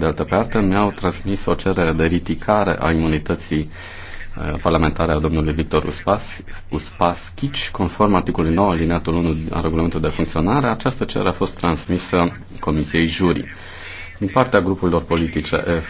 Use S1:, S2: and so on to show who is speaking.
S1: de altă parte, mi-au transmis o cerere de ridicare a imunității uh, parlamentare a domnului Victor Uspas, Chici, conform articolului 9 alineatul 1 al regulamentului de funcționare. Această cerere a fost transmisă Comisiei Jurii. Din partea grupurilor
S2: politice F